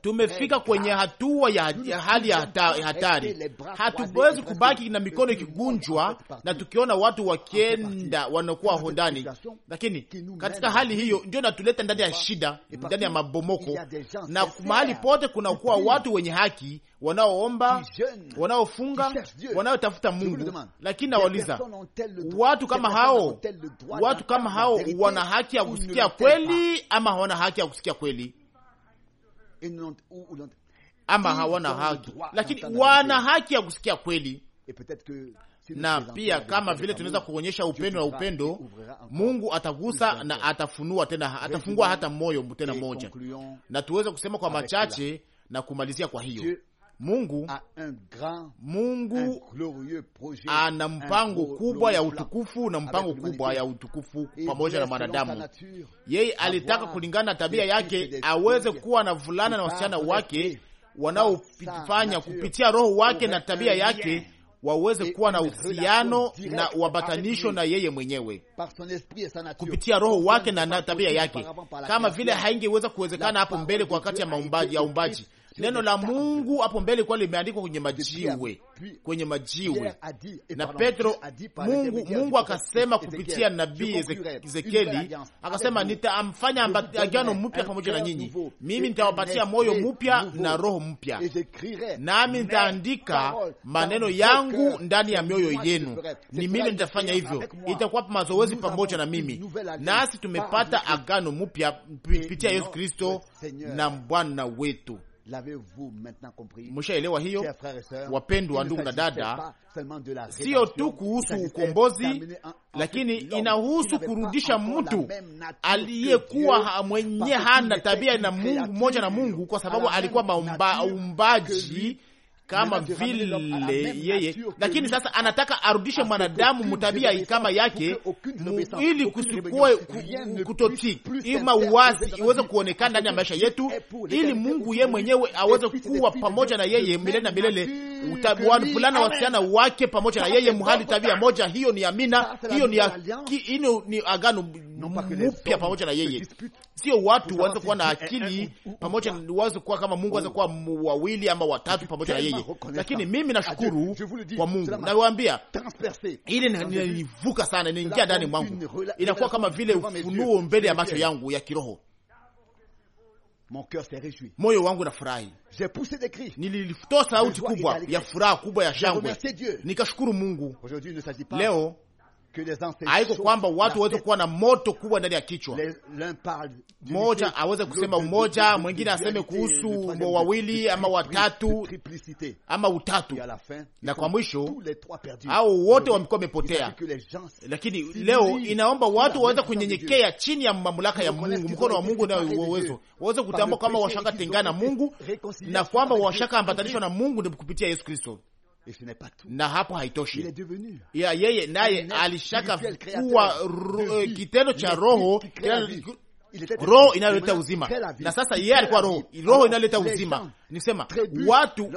tumefika kwenye hatua ya, ya hali ya hatari. Hatuwezi kubaki na mikono ikigunjwa na tukiona watu wake wanaopenda wanakuwa hondani, lakini katika hali hiyo ndio natuleta ndani ya shida, ndani ya mabomoko, na mahali pote kunakuwa watu wenye haki wanaoomba, wanaofunga, wanaotafuta Mungu, lakini nawauliza watu kama hao, watu kama hao wana haki ya kusikia kweli ama hawana haki ya kusikia kweli? Ama hawana haki, lakini wana haki ya kusikia kweli na pia kama vile tunaweza kuonyesha upendo na upendo, Mungu atagusa na atafunua tena, atafungua hata moyo tena moja. Na tuweze kusema kwa machache na kumalizia kwa hiyo Mungu Mungu ana mpango kubwa ya utukufu na mpango kubwa ya utukufu pamoja na mwanadamu. Yeye alitaka kulingana na tabia yake aweze kuwa na vulana na wasichana wake wanaofanya kupitia roho wake na tabia yake waweze kuwa na uhusiano na wabatanisho na yeye mwenyewe kupitia roho wake na tabia yake, kama vile haingeweza kuwezekana hapo mbele kwa wakati ya maumbaji ya umbaji Neno la Mungu hapo mbele kwa limeandikwa kwenye majiwe, kwenye majiwe. Na Petro, Mungu Mungu akasema kupitia nabii Ezekieli, akasema nitamfanya agano mpya pamoja na nyinyi, mimi nitawapatia moyo mpya na roho mpya, nami nitaandika maneno yangu ndani ya mioyo yenu. Ni mimi nitafanya hivyo, itakuwa mazoezi pamoja na mimi. Nasi tumepata agano mpya kupitia Yesu Kristo na Bwana wetu. Mshaelewa hiyo, wapendwa ndugu na dada, sio tu kuhusu ukombozi, lakini inahusu kurudisha mtu aliyekuwa mwenye hana tabia na Mungu, moja na Mungu, kwa sababu alikuwa maumbaji kama vile yeye, lakini sasa anataka arudishe mwanadamu mtabia kama yake, ili kusikuwe kutoti ima uwazi iweze kuonekana ndani ya maisha yetu, ili Mungu ye mwenyewe aweze kuwa pamoja na yeye milele na milele, fulana wasichana wake pamoja na yeye, mhali tabia moja. Hiyo ni amina, hiyo ni agano mpya pamoja na yeye, sio watu waweze kuwa na akili eh, eh, pamoja, waweze kuwa kama Mungu aweze kuwa wawili ama watatu pamoja na yeye. Lakini mimi nashukuru kwa Mungu, nawaambia ili nanivuka sana, niingia ndani mwangu, inakuwa kama vile ufunuo mbele ya macho yangu ya kiroho. Mon coeur s'est réjoui. Moyo wangu nafurahi. J'ai Nilitoa sauti kubwa ya furaha kubwa ya shangwe. Nikashukuru Mungu. Leo haiko kwamba watu waweze kuwa na moto kubwa ndani ya kichwa moja, aweze kusema umoja, mwingine aseme kuhusu wawili ama watatu ama utatu, na kwa mwisho au wote wamekuwa wamepotea. Lakini leo inaomba watu waweze kunyenyekea chini ya mamlaka ya Mungu, mkono wa Mungu nayo uwezo, waweze kutambua kwamba washaka tengana na Mungu na kwamba washaka ambatanishwa na Mungu ni kupitia Yesu Kristo na hapo haitoshi. Yeye naye alishaka kuwa euh, kitendo cha roho roho inayoleta uzima, na sasa yeye alikuwa roho roho inayoleta uzima. Nisema watu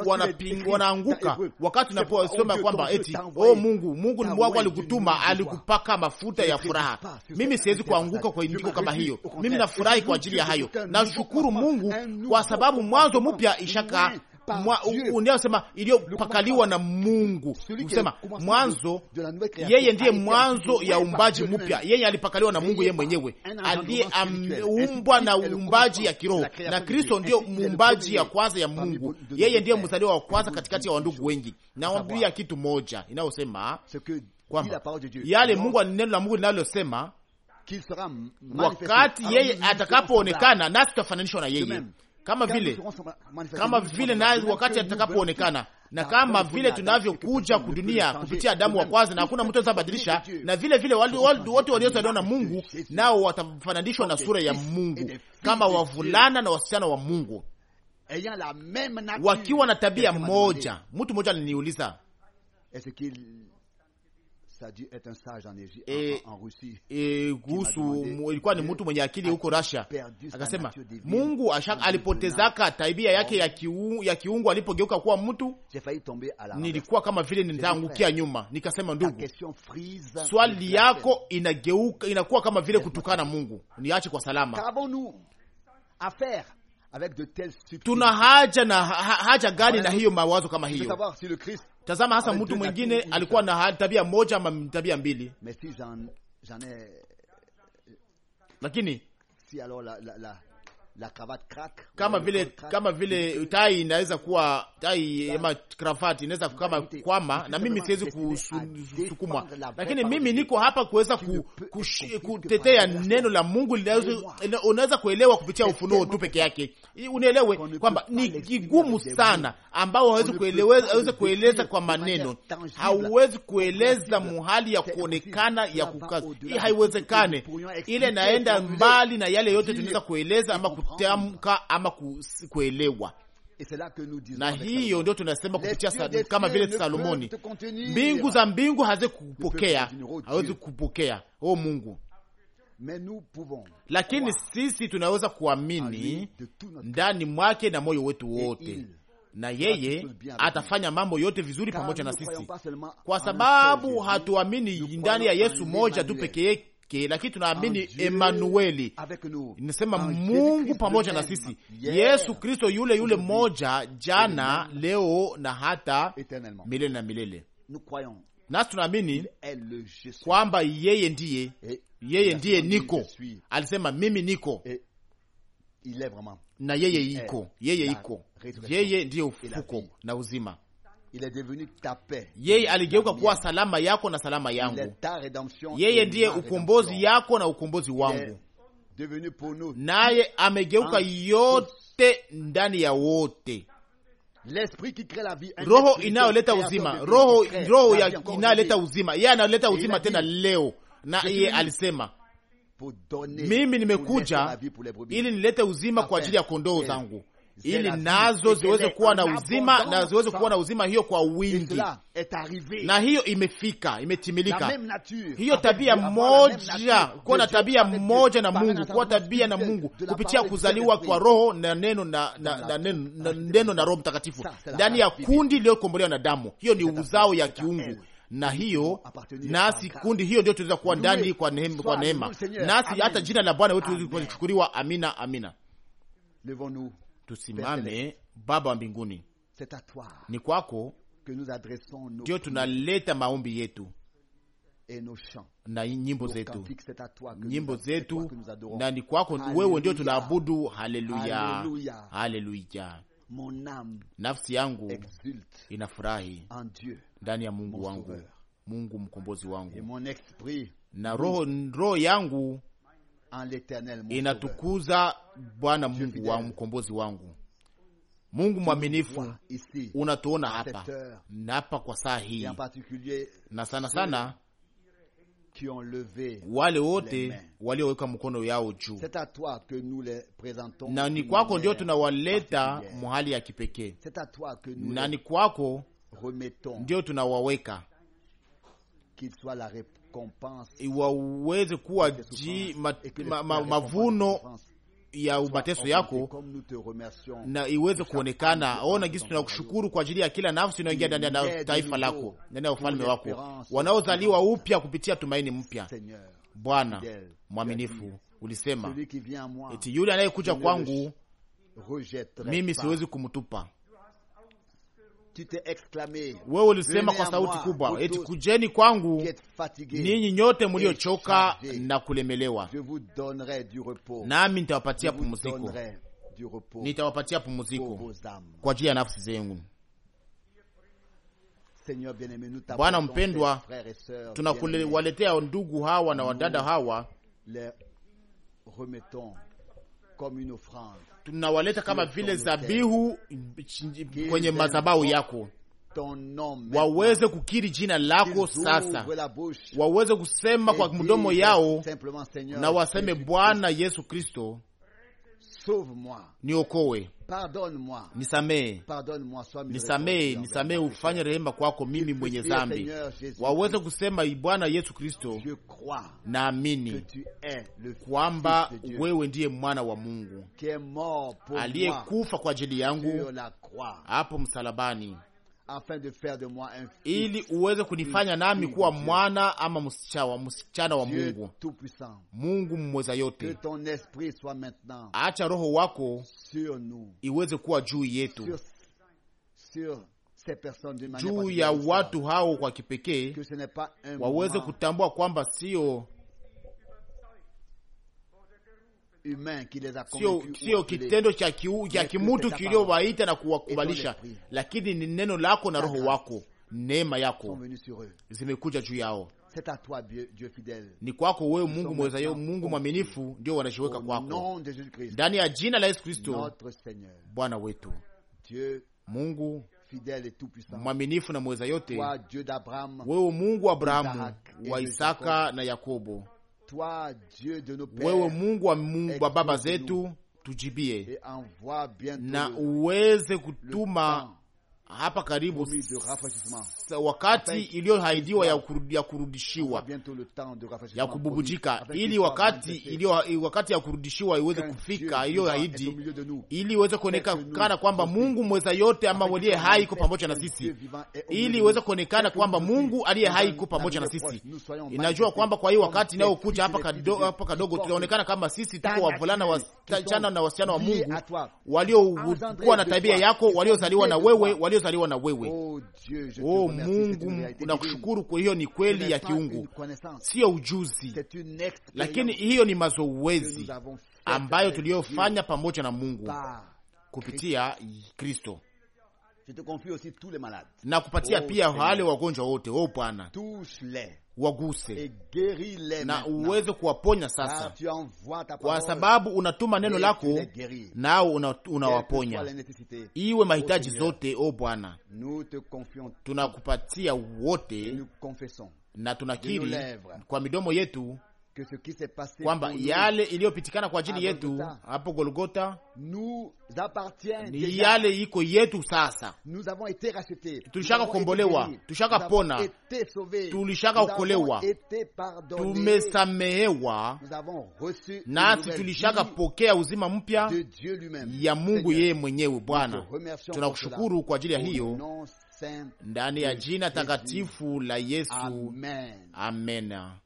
wanaanguka wakati unaposoma kwamba eti oh, Mungu Mungu wako alikutuma, alikupaka mafuta ya furaha. Mimi siwezi kuanguka kwa indiko kama hiyo, mimi nafurahi kwa ajili ya hayo. Nashukuru Mungu kwa sababu mwanzo mpya ishaka unayosema iliyopakaliwa na Mungu, usema mwanzo. Yeye ndiye mwanzo ya umbaji mpya, yeye alipakaliwa na Mungu yeye mwenyewe, umbwa na umbaji ya kiroho, na Kristo ndiyo muumbaji ya kwanza ya Mungu. Yeye ndiye mzaliwa wa kwanza katikati ya wandugu wengi. Nawambia kitu moja inayosema kwamba yale Mungu, neno la Mungu linalosema wakati yeye atakapoonekana, nasi tutafananishwa na yeye kama vile kama vile naye wakati atakapoonekana na kama vile tunavyokuja kudunia kupitia Adamu wa kwanza, na hakuna mtu atabadilisha, na vile vile wote waliozaliwa na Mungu nao watafananishwa na sura ya Mungu kama wavulana na wasichana wa Mungu wakiwa na tabia moja. Mtu mmoja aliniuliza est un sage en Egypte, e, en, en Russie, e Gusu ilikuwa ni mtu mwenye akili huko Russia, akasema Mungu ashaka alipotezaka tabia yake ya kiungu, ya kiungu alipogeuka kuwa mtu, nilikuwa kama vile nitaangukia nyuma. Nikasema, ndugu, swali yako inageuka inakuwa kama vile kutukana Mungu, niache kwa salama. Tuna haja na haja gani na hiyo mawazo kama hiyo? Tazama hasa mtu mwingine alikuwa na tabia moja ama tabia mbili, lakini kama vile kama vile tai inaweza kuwa tai ama kravati inaweza kama kwama, na mimi siwezi kusukumwa, lakini mimi niko hapa kuweza kutetea neno la Mungu. Unaweza kuelewa kupitia ufunuo tu peke yake, unielewe kwamba ni kigumu sana, ambao hawezi kueleza kwa maneno, hauwezi kueleza muhali ya kuonekana ya kukaza, haiwezekane. Ile naenda mbali na yale yote tunaweza kueleza ama kutamka ama kuelewa na hiyo ndio tunasema kupitia kama vile Salomoni, mbingu za mbingu haziwezi kupokea, hawezi kupokea o Mungu, lakini sisi tunaweza kuamini ndani mwake na moyo wetu wote, na yeye atafanya mambo yote vizuri pamoja na sisi, kwa sababu hatuamini ndani ya Yesu moja tu pekee yake, lakini tunaamini Emanueli, inasema Mungu pamoja na sisi, Yesu Kristo yule yule mmoja, jana leo na hata milele na milele. Nasi tunaamini kwamba yeye ndiye, yeye ndiye niko, alisema mimi niko na yeye iko, yeye iko, yeye ndiye ufuko na uzima yeye aligeuka kuwa salama yako na salama yangu. Yeye ndiye ukombozi yako na ukombozi wangu, naye amegeuka yote ndani ya wote. Roho inayoleta uzima, roho roho inayoleta uzima, yeye analeta uzima tena leo, na yeye alisema mimi nimekuja ili nilete uzima kwa ajili ya kondoo zangu ili nazo ziweze kuwa na uzima na ziweze kuwa na uzima hiyo kwa wingi. Na hiyo imefika, imetimilika hiyo tabia moja, kuwa na tabia moja na Mungu, kuwa tabia na Mungu kupitia kuzaliwa kwa Roho na neno na, na, na, na, neno na Roho Mtakatifu ndani ya kundi iliyokombolewa na damu. Hiyo ni uzao ya kiungu na hiyo nasi kundi hiyo ndio tunaweza kuwa ndani kwa neema, kwa neema nasi hata jina la Bwana wetu liweze Amina, Amina, Levons-nous tusimame. Baba wa mbinguni, ni kwako ndiyo tunaleta maombi yetu na nyimbo zetu, nyimbo zetu, na ni kwako wewe ndio tunaabudu. Haleluya, haleluya. Nafsi yangu inafurahi ndani ya Mungu wangu, Mungu mkombozi wangu, na roho roho yangu inatukuza Bwana Mungu wa mkombozi wangu. Mungu mwaminifu, unatuona hapa na hapa kwa saa hii, na sana sana wale wote walioweka mkono yao juu, na ni kwako ndio tunawaleta mahali ya kipekee, na ni kwako ndio tunawaweka waweze kuwa ji, ma, ma, ma, mavuno ya ubateso yako na iweze kuonekana. Ona gisi tunakushukuru kwa ajili ya kila nafsi inayoingia ndani ya taifa lako, ndani ya ufalme wako, wanaozaliwa upya kupitia tumaini mpya. Bwana mwaminifu, ulisema eti yule anayekuja kwangu mimi siwezi kumtupa wewe ulisema kwa sauti kubwa, eti kujeni kwangu ninyi nyote mliochoka na kulemelewa, nami nitawapatia pumziko, nitawapatia pumziko kwa ajili ya nafsi zenu. Bwana mpendwa, tunakuwaletea ndugu hawa na wadada hawa Le tunawaleta kama vile zabihu kwenye madhabahu yako waweze kukiri jina lako sasa, waweze kusema kwa mdomo yao na waseme Bwana Yesu Kristo niokoe. Pardonne-moi. Nisamee. Pardonne-moi, nisamee, nisamee, ufanye rehema kwako mimi mwenye dhambi. Waweze kusema Bwana Yesu Kristo, naamini kwamba wewe ndiye mwana wa Mungu aliyekufa kwa ajili yangu hapo msalabani ili uweze kunifanya nami kuwa mwana ama msichana, wa Mungu. Mungu mmweza yote, acha roho wako iweze kuwa juu yetu, juu ya watu hao kwa kipekee, waweze kutambua kwamba sio humain qui les a convaincus, sio kitendo cha cha kimutu kiliowaita na kuwakubalisha, lakini ni neno lako na roho wako, neema yako zimekuja juu yao. Toi, Dieu, Dieu fidèle. Ni kwako wewe Mungu mweza, Mungu mwaminifu, ndio wanajiweka kwako ndani ya jina la Yesu Kristo Bwana wetu. Dieu Mungu mwaminifu na mweza yote, wewe Mungu Abrahamu, wa Isaka na Yakobo wewe Mungu wa Mungu wa baba zetu, tujibie na uweze kutuma hapa karibu wakati iliyoahidiwa ya, kurudi, ya kurudishiwa ya kububujika, ili wakati iliyo wakati ya kurudishiwa iweze kufika iliyoahidi, ili iweze kuonekana kwamba Mungu mweza yote ama aliye hai iko pamoja na sisi, ili iweze kuonekana kwamba Mungu aliye hai iko pamoja na sisi. Inajua kwamba kwa hii wakati inayokuja hapa kadogo, hapa kadogo tunaonekana kama sisi tuko wavulana wasichana na wasichana wa Mungu waliokuwa na tabia yako, waliozaliwa na wewe walio iliyozaliwa na wewe. o oh, oh Mungu, nakushukuru kwa hiyo, ni kweli ya kiungu, siyo ujuzi, lakini hiyo ni mazoezi ambayo tuliyofanya pamoja na Mungu kupitia Kristo na kupatia oh, pia wale wagonjwa wote. Oh Bwana waguse na uweze kuwaponya sasa, kwa sababu unatuma neno lako nao unawaponya, una iwe mahitaji zote. O oh Bwana, tunakupatia wote na tunakiri kwa midomo yetu kwamba yale iliyopitikana kwa ajili yetu hapo Golgota ni yale iko yetu sasa. Tulishaka kukombolewa, tulishaka pona, tulishaka kukolewa, tumesamehewa, nasi tulishaka pokea uzima mpya ya Mungu yeye mwenyewe. Bwana, tunakushukuru kwa ajili ya hiyo ndani ya jina takatifu la Yesu, amena.